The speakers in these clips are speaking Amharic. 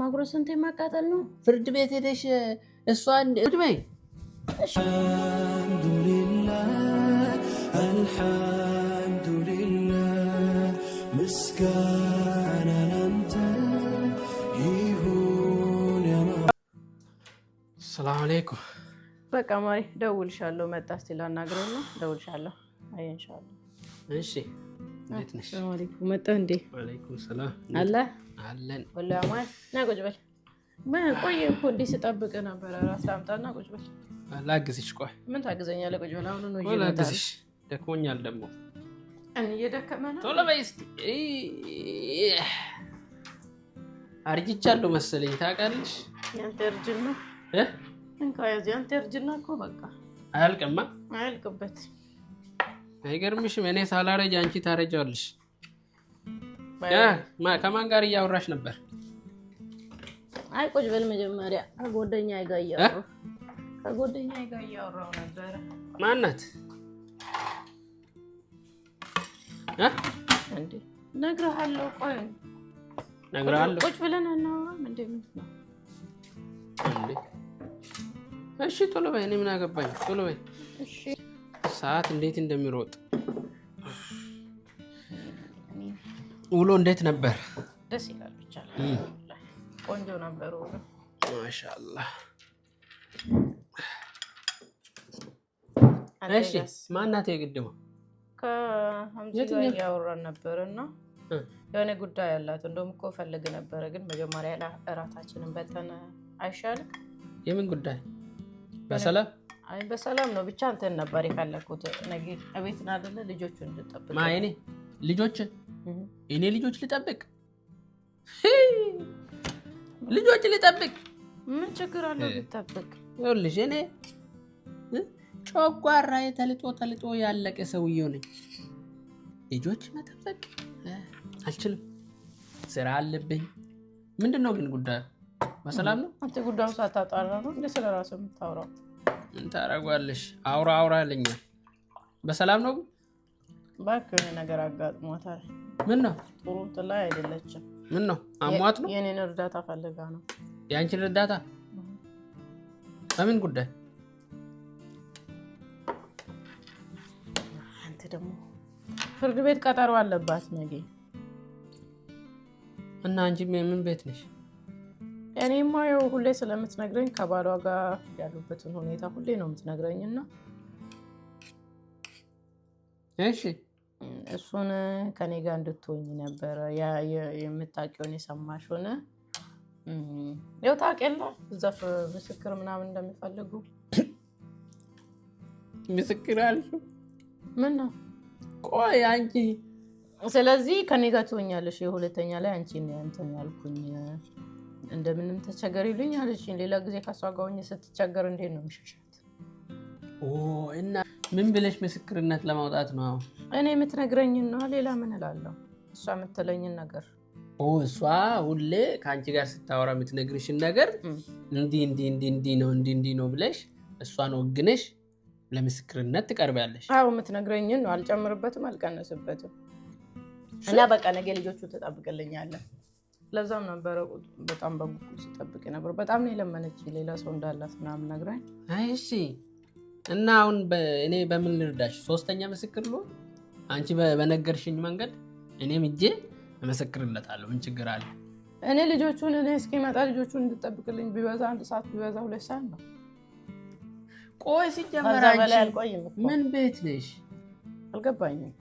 ማጉረስ እንትን የማቃጠል ነው። ፍርድ ቤት ሄደሽ እሷ ድበይ ሰላም አለይኩም። በቃ ማሪ ደውልሻለሁ። መጣ እስኪ ላናግረው ነው። ደውልሻለሁ። አይ እንሻላህ። እሺ መጣሁ እንዴ? አለን ና ቁጭ በል። ቆይ እኮ እንዴ ስጠብቅ ነበረ። ራስ ላምጣና ቁጭ በል። ላግዝሽ። ቆይ ምን ታግዘኛለህ? ቁጭ በል። አሁኑ ነው ላግዝሽ። ደክሞኛል ደግሞ እየደከመ ነው። ቶሎ በይ እስኪ። አርጅቻለሁ መሰለኝ ታውቃለሽ። ያንተ እርጅና ነው። ያንተ እርጅና እኮ በቃ አያልቅማ፣ አያልቅበት አይገርምሽም? እኔ ሳላረጅ አንቺ ታረጃለሽ። ከማን ጋር እያወራሽ ነበር? አይ ቁጭ በል መጀመሪያ ከጎደኛ ጋር እያወራሁ ከጓደኛዬ ጋር እያወራሁ ነበረ። ቆይ ቁጭ ብለን እናወራም። እንደምን ነው? እሺ ቶሎ በይ። እኔ ምን አገባኝ? ቶሎ በይ። እሺ ሰዓት እንዴት እንደሚሮጥ ውሎ እንዴት ነበር? ደስ ይላል። ብቻ ቆንጆ ነበር። ማሻላ። እሺ፣ ማናት የግድማ እያወራን ነበር እና የሆነ ጉዳይ አላት። እንደውም እኮ ፈልግ ነበረ፣ ግን መጀመሪያ እራታችንን በልተን አይሻልም? የምን ጉዳይ በሰላም አይ በሰላም ነው። ብቻ አንተን ነበር የፈለኩት። ነገ እቤት ና አይደለ? ልጆቹን እንድጠብቅ እኔ ልጆች እኔ ልጆች ልጠብቅ ልጆች ልጠብቅ ምን ችግር አለ ልጠብቅ? ይኸውልሽ እኔ ጨጓራዬ ተልጦ ተልጦ ያለቀ ሰውዬው ነኝ። ልጆች መጠበቅ አልችልም። ስራ አለብኝ። ምንድን ነው ግን ጉዳዩ? በሰላም ነው። አንተ ጉዳዩ ሳታጣራ ነው እንደ ስለ ራሱ የምታወራው ምን ታደርጓለሽ? አውራ አውራ አለኛል። በሰላም ነው ባክ የሆነ ነገር አጋጥሟታል። ምን ነው? ጥሩ ላይ አይደለችም። ምን ነው? አሟት ነው? የኔን እርዳታ ፈልጋ ነው። የአንቺን እርዳታ? በምን ጉዳይ? አንተ ደግሞ ፍርድ ቤት ቀጠሮ አለባት ነገ እና አንቺ ምን ቤት ነሽ? እኔ ማየው ሁሌ ስለምትነግረኝ ከባሏ ጋር ያሉበትን ሁኔታ ሁሌ ነው የምትነግረኝ እና እሺ እሱን ከኔ ጋር እንድትሆኝ ነበረ የምታውቂውን የሰማሽ ሆነ ያው ታውቂያለሽ፣ እዛ ምስክር ምናምን እንደሚፈልጉ ምስክር አልሽ። ምን ነው ቆይ አንቺ ስለዚህ ከኔ ጋር ትሆኛለሽ። የሁለተኛ ላይ አንቺ እንትን ያልኩኝ እንደምንም ተቸገር አለችኝ። ሌላ ጊዜ ከሷ ጋር ሆኜ ስትቸገር እንዴት ነው የሚሸሻት? እና ምን ብለሽ ምስክርነት ለማውጣት ነው? እኔ የምትነግረኝን ነው። ሌላ ምን እላለሁ? እሷ የምትለኝን ነገር እሷ ሁሌ ከአንቺ ጋር ስታወራ የምትነግርሽን ነገር እንዲህ እንዲህ እንዲህ ነው እንዲህ እንዲህ ነው ብለሽ እሷን ወግነሽ ለምስክርነት ትቀርቢያለሽ። አዎ የምትነግረኝን ነው። አልጨምርበትም፣ አልቀነስበትም። እና በቃ ነገ ልጆቹ ትጠብቅልኛለን። ለዛም ነበረ በጣም በጉጉት ሲጠብቅ ነበር። በጣም ነው የለመነች ሌላ ሰው እንዳላት ምናምን ነግራኝ። እሺ እና አሁን እኔ በምን ልርዳሽ? ሶስተኛ ምስክር ልሆን? አንቺ በነገርሽኝ መንገድ እኔም እጄ እመሰክርለታለሁ። ምን ችግር አለ? እኔ ልጆቹን እኔ እስኪመጣ ልጆቹን እንድጠብቅልኝ ቢበዛ አንድ ሰዓት ቢበዛ ሁለት ሰዓት ነው። ቆይ ሲጀመር ምን ቤት ነሽ? አልገባኝም።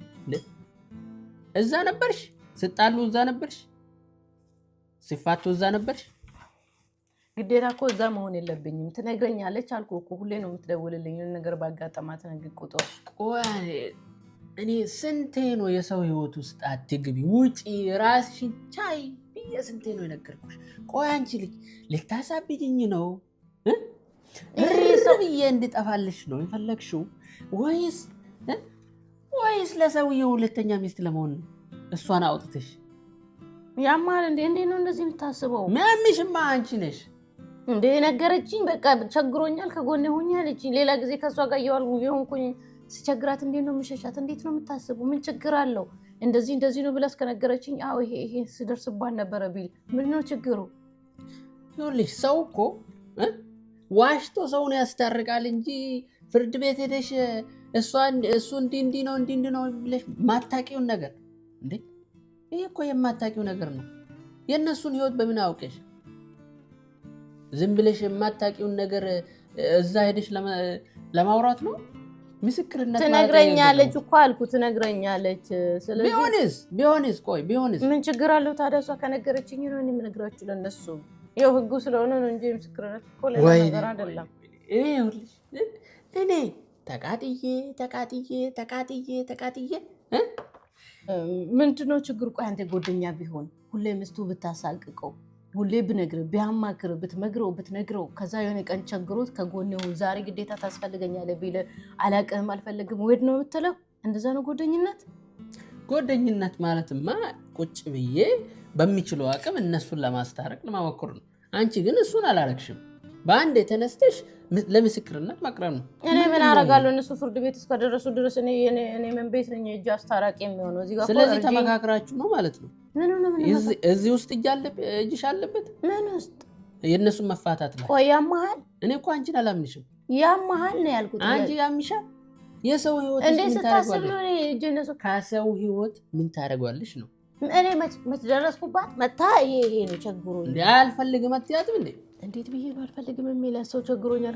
እዛ ነበርሽ ስጣሉ? እዛ ነበርሽ ሲፋት እዛ ነበርሽ? ግዴታ እኮ እዛ መሆን የለብኝም። ትነግረኛለች አልኩህ እኮ ሁሌ ነው የምትደውልልኝ። ነገር ባጋጠማት ነገር ቁጥር እኔ ስንቴ ነው የሰው ህይወት ውስጥ አትግቢ፣ ውጪ፣ ራስሽን ቻይ ብዬ ስንቴ ነው የነገርኩሽ። ቆይ አንቺ ልጅ ልታሳብድኝ ነው ሰው ብዬ እንድጠፋልሽ ነው የፈለግሽው ወይስ ወይስ ለሰውዬው ሁለተኛ ሚስት ለመሆን ነው እሷን አውጥተሽ ያማል እንዴ! እንዴ ነው እንደዚህ የምታስበው? ሚያምሽማ አንቺ ነሽ እንዴ ነገረችኝ። በቃ ቸግሮኛል፣ ከጎን ሁኚ አለችኝ። ሌላ ጊዜ ከእሷ ጋር እየዋልኩ የሆንኩኝ ስቸግራት እንዴት ነው የምሸሻት? እንዴት ነው የምታስበው? ምን ችግር አለው? እንደዚህ እንደዚህ ነው ብላ እስከነገረችኝ፣ አዎ ይሄ ይሄ ስደርስባት ነበረ ቢል ምን ነው ችግሩ? ይኸውልሽ ሰው እኮ ዋሽቶ ሰውን ያስታርቃል እንጂ ፍርድ ቤት ሄደሽ እሱ እንዲህ እንዲህ ነው እንዲህ እንዲህ ነው ብለሽ ማታቂውን ነገር እንዴ ይሄ እኮ የማታውቂው ነገር ነው። የእነሱን ህይወት በምን አውቀሽ? ዝም ብለሽ የማታውቂውን ነገር እዛ ሄደሽ ለማውራት ነው? ምስክርነት ትነግረኛለች እኮ አልኩ፣ ትነግረኛለች። ቢሆንስ ቢሆንስ ቆይ ቢሆንስ ምን ችግር አለው ታዲያ? እሷ ከነገረችኝ ነው የምነግራችሁ ለእነሱ። ይኸው ህጉ ስለሆነ ነው እንጂ ምስክርነት እኮ ሌላ ነገር አይደለም። እኔ ተቃጥዬ ተቃጥዬ ተቃጥዬ ተቃጥዬ ምንድነው ችግር? ቆይ አንተ ጎደኛ ቢሆን ሁሌ ምስቱ ብታሳቅቀው፣ ሁሌ ብነግር ቢያማክር፣ ብትመግረው፣ ብትነግረው ከዛ የሆነ ቀን ቸግሮት ከጎን ሁን ዛሬ ግዴታ ታስፈልገኛለህ ቢል አላቅህም፣ አልፈለግም፣ ውሄድ ነው የምትለው? እንደዛ ነው ጎደኝነት። ጎደኝነት ማለትማ ቁጭ ብዬ በሚችለው አቅም እነሱን ለማስታረቅ ለማሞከር ነው። አንቺ ግን እሱን አላረግሽም። በአንድ የተነስተሽ ለምስክርነት ማቅረብ ነው። እኔ ምን አደርጋለሁ? እነሱ ፍርድ ቤት እስከደረሱ ድረስ እኔ ምን ቤት ነኝ? እጅ አስታራቂ የሚሆነው እዚህ ስለዚህ ተመካክራችሁ ነው ማለት ነው። እዚህ ውስጥ እጅሽ አለበት። ምን ውስጥ የእነሱን መፋታት ነው። ቆይ ያመሃል። እኔ እኮ አንቺን አላምንሽም። ያመሃል ነው ያልኩት። አንቺ ያምሻል። የሰው ህይወት እንዴት ስታስብ እጅ እነሱ ከሰው ህይወት ምን ታደርጓለሽ ነው። እኔ መች ደረስኩባት መታ። ይሄ ነው ቸግሮ። አልፈልግም አትያትም እንዴ እንዴት ብዬ ነው አልፈልግም የሚለው ሰው ቸግሮኛል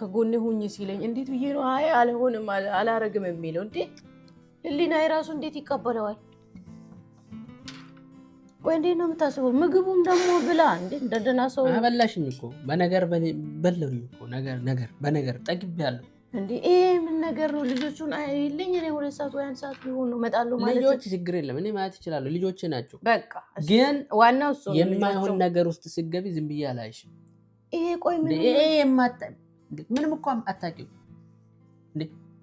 ከጎኔ ሁኝ ሲለኝ እንዴት ብዬ ነው አይ አልሆንም አላረግም የሚለው እንዴ ህሊና የራሱ እንዴት ይቀበለዋል? ቆይ እንዴት ነው የምታስበው? ምግቡም ደግሞ ብላ እንዴ እንደደና ሰው አበላሽኝ እኮ በነገር በለውኝ እኮ ነገር ነገር በነገር ጠግቤያለሁ እንዴ ይሄ ምን ነገር ነው? ልጆቹን አይልኝ እኔ ሁለት ሰዓት ወይ አንድ ሰዓት ቢሆን ነው እመጣለሁ ማለት ልጆች ችግር የለም እኔ ማለት እችላለሁ። ልጆች ናቸው በቃ። ግን ዋናው እሱ የማይሆን ነገር ውስጥ ስገቢ ዝም ብዬ አላይሽም። ይሄ ቆይ ምንም እኮ አታውቂው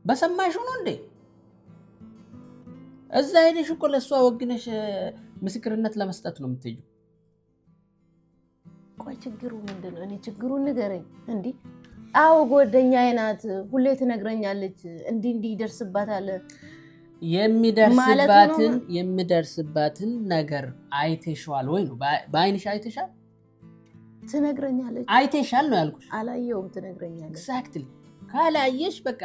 በሰማሽ ነው እንዴ እዛ ሄደሽ እኮ ለእሷ ወግነሽ ምስክርነት ለመስጠት ነው የምትሄጂው። ቆይ ችግሩ ምንድን ነው? እኔ ችግሩን ንገረኝ እንዲህ አዎ ጓደኛዬ ናት። ሁሌ ትነግረኛለች እንዲህ እንዲህ ይደርስባታል። የሚደርስባትን የሚደርስባትን ነገር አይተሻል ወይ ነው? በአይንሽ አይተሻል? ትነግረኛለች። አይተሻል ነው ያልኩሽ። አላየውም፣ ትነግረኛለች። ኤግዛክትሊ። ካላየሽ በቃ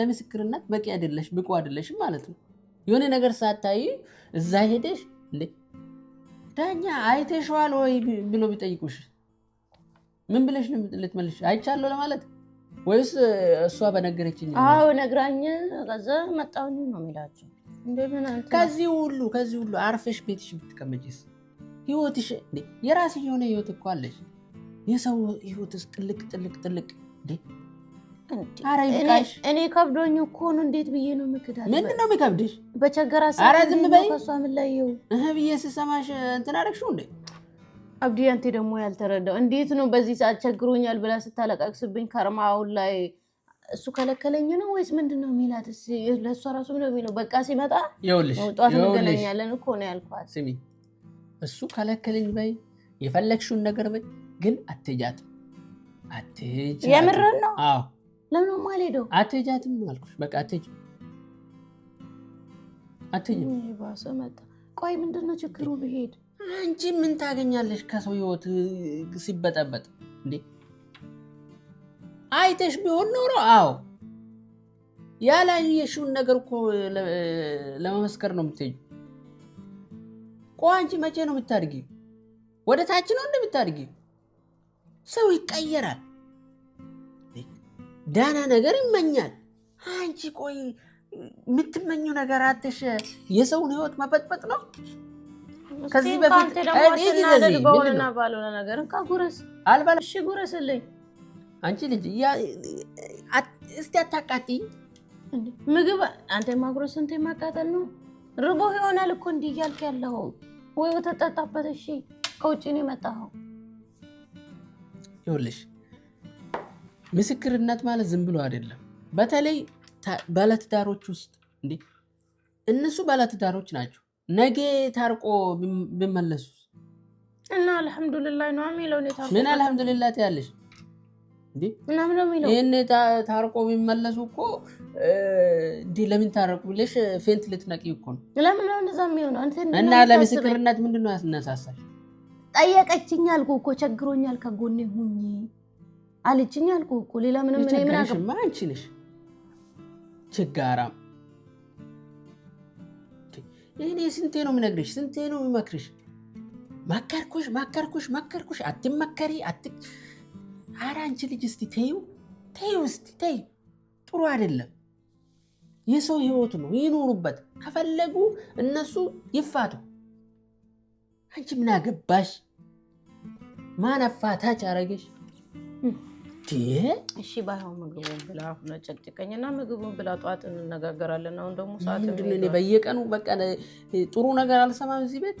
ለምስክርነት በቂ አይደለሽ፣ ብቁ አይደለሽም ማለት ነው። የሆነ ነገር ሳታይ እዛ ሄደሽ እንዴ ዳኛ አይተሻል ወይ ብሎ ቢጠይቁሽ ምን ብለሽ ልትመልሽ? አይቻለሁ ለማለት ወይስ እሷ በነገረችኝ? አዎ ነግራኝ፣ ከዛ መጣሁኝ ነው የሚላቸው። ከዚህ ሁሉ ከዚህ ሁሉ አርፈሽ ቤትሽ ብትቀመጭስ? ህይወትሽ የራስ የሆነ ህይወት እኮ አለሽ። የሰው ህይወትስ ጥልቅ ጥልቅ ጥልቅ እኔ ከብዶኝ እኮ ነው። እንዴት ብዬ ነው ምክዳል? ምንድን ነው የሚከብድሽ? በቸገራ ሰ ዝም በይ ከሷ ምን ላየው ብዬ ስሰማሽ እንትን አደረግሽው እንዴ አብዲ አንቴ ደግሞ ያልተረዳው እንዴት ነው በዚህ ሰዓት ቸግሮኛል ብላ ስታለቃቅስብኝ ከርማ አሁን ላይ እሱ ከለከለኝ ነው ወይስ ምንድን ነው የሚላት? ለእሷ ራሱ ነው የሚለው። በቃ ሲመጣ ጠዋት እንገናኛለን እኮ ነው ያልኳት። ስሚ እሱ ከለከለኝ በይ፣ የፈለግሽውን ነገር በይ፣ ግን አትሄጃትም። አትሄጃትም። የምርን ነው? አዎ። ለምን ነው አትሄጃትም አልኩሽ። በቃ ባሰ መጣ። ቆይ ምንድን ነው ችግሩ ብሄድ አንቺ ምን ታገኛለሽ ከሰው ህይወት ሲበጠበጥ? እንዴ አይተሽ ቢሆን ኖሮ አዎ ያላየሽውን ነገር እኮ ለመመስከር ነው የምትሄጂው። ቆይ አንቺ መቼ ነው የምታድጊ? ወደ ታች ነው እንደምታድጊ? ሰው ይቀየራል፣ ዳና ነገር ይመኛል። አንቺ ቆይ የምትመኙ ነገር አትሽ የሰውን ህይወት መበጥበጥ ነው። ከዚህ በፊት እኔ በሆነና ባልሆነ ነገር እንካ ጉረስ እሺ ጉረስልኝ። አንቺ ልጅ እስቲ አታቃጢኝ። ምግብ አንተ ማጉረስ እንተ ማቃጠል ነው። ርቦ ይሆናል እኮ እንዲህ እያልክ ያለው ወይ ወተጠጣበት። እሺ ከውጭ ነው የመጣኸው። ይኸውልሽ ምስክርነት ማለት ዝም ብሎ አይደለም። በተለይ ባለትዳሮች ውስጥ እንዴ እነሱ ባለትዳሮች ናቸው ነገ ታርቆ ቢመለሱ እና አልሐምዱሊላህ ነው የሚለው። ምን አልሐምዱሊላህ ትያለሽ? ይህን ታርቆ ቢመለሱ እኮ እንዲህ ለምን ታረቁ ብለሽ ፌንት ልትነቂ እኮ ነው። እና ለምስክርነት ምንድን ነው ያስነሳሳል? ጠየቀችኝ አልኩ እኮ ቸግሮኛል፣ ከጎኔ ሁኚ አለችኝ አልኩ እኮ ሌላ ምንም ምን አንቺ ነሽ ችጋራም እኔ ስንቴ ነው የምነግርሽ? ስንቴ ነው የምመክርሽ? መከርኩሽ፣ መከርኩሽ፣ መከርኩሽ። አትመከሪ። ኧረ አንቺ ልጅ እስቲ ተይው፣ ተይው፣ እስቲ ተይ። ጥሩ አይደለም። የሰው ህይወት ነው፣ ይኖሩበት። ከፈለጉ እነሱ ይፋቱ። አንቺ ምን አገባሽ? ማን አፋታች አረገሽ? እሺ ባይሆን ምግቡን ብላ ጨቅጭቀኝ እና ምግቡን ብላ ጠዋት እንነጋገራለን። አሁን ደግሞ ሰዓት በየቀኑ በቃ ጥሩ ነገር አልሰማም እዚህ ቤት።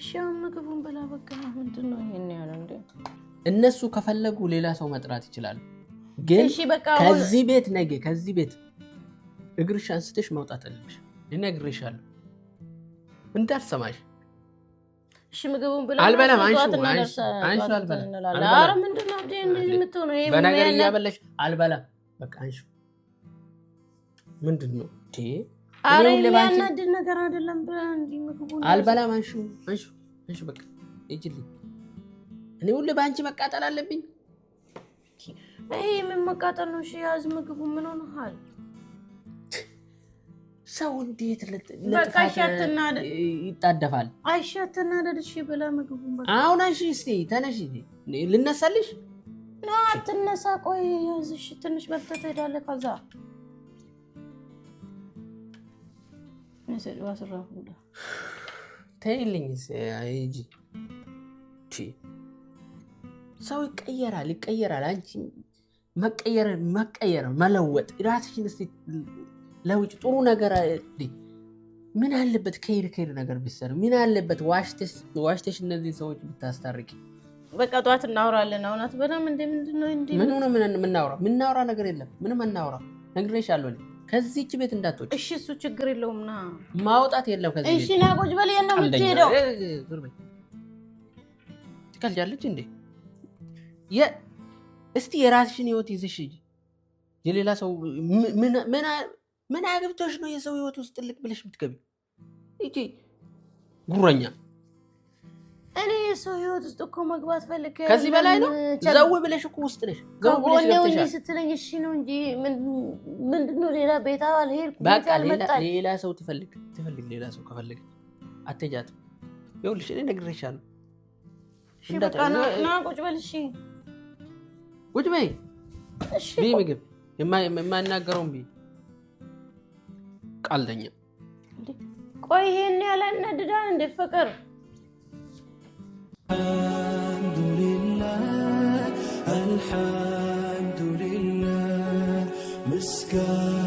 እሺ አሁን ምግቡን ብላ በቃ ምንድን ነው ይሄን ያለ እንዴ? እነሱ ከፈለጉ ሌላ ሰው መጥራት ይችላሉ። ግን ከዚህ ቤት ነገ ከዚህ ቤት እግርሽ አንስተሽ መውጣት አለብሽ። እነግርሻለሁ እንዳትሰማሽ እሺ። ምግቡን ብላ አልበላም። አንቺ አንቺ አልበላም። ኧረ ምንድን ነው በነገር እያበለሽ አልበላም። በቃ ምንድን ነው ያናድድ ነገር አይደለም። አልበላም። በቃ ሂጂልኝ። እኔ ሁሌ በአንቺ መቃጠል አለብኝ። ይሄ መቃጠል ነው? እሺ ያዝ ምግቡ። ምን ሆነሃል? ሰው እንዴት ይጣደፋል? አይሻትና ደድሽ ብላ አሁን አንሺ፣ ተነሺ፣ ልነሳልሽ ና አትነሳ፣ ቆይ ያዝሽ ትንሽ በልተህ ትሄዳለህ። ከዛ ተይልኝ ሂጂ። ሰው ይቀየራል፣ ይቀየራል። አንቺ መቀየር መቀየር መለወጥ ራስሽን ለውጭ ጥሩ ነገር ምን አለበት? ከሄድ ከሄድ ነገር ቢሰር ምን አለበት? ዋሽተሽ እነዚህ ሰዎች ብታስታርቂ በቃ ጠዋት እናውራለን። አሁናት በጣም እንደ ምንድን ነው እንደ ምን ሆኖ ምን የምናውራ የምናውራ ነገር የለም። ምንም እናውራ ነግሬሻለሁ። ከዚህች ቤት እንዳትወጪ እሺ። እሱ ችግር የለውም ና ማውጣት የለም ከዚህ እሺ። ና ቁጭ በል የት ነው የምትሄደው? ትከልጃለች እንዴ? የ እስቲ የራስሽን ህይወት ይዘሽ የሌላ ሰው ምን አግብቶሽ ነው የሰው ህይወት ውስጥ ጥልቅ ብለሽ የምትገቢ? ጉረኛ እኔ የሰው ህይወት ውስጥ እኮ መግባት ፈልግ ከዚህ በላይ ነው። ዘው ብለሽ እኮ ውስጥ ነሽ። ጎኔው ስትለኝ እሺ ነው እንጂ ምንድነው? ሌላ ቤት አልሄድኩም። ሌላ ሰው ትፈልግ ትፈልግ ሌላ ሰው ከፈልግ አትሄጃትም። ይኸውልሽ እኔ ነግሬሻለሁ። ቁጭ በል እሺ፣ ቁጭ በይ። ብይ ምግብ የማይናገረውን ቢ ቃልደኛ። ቆይ፣ ይሄን ያለ ያላናድዳል እንዴ ፍቅር الحمد لله مسكان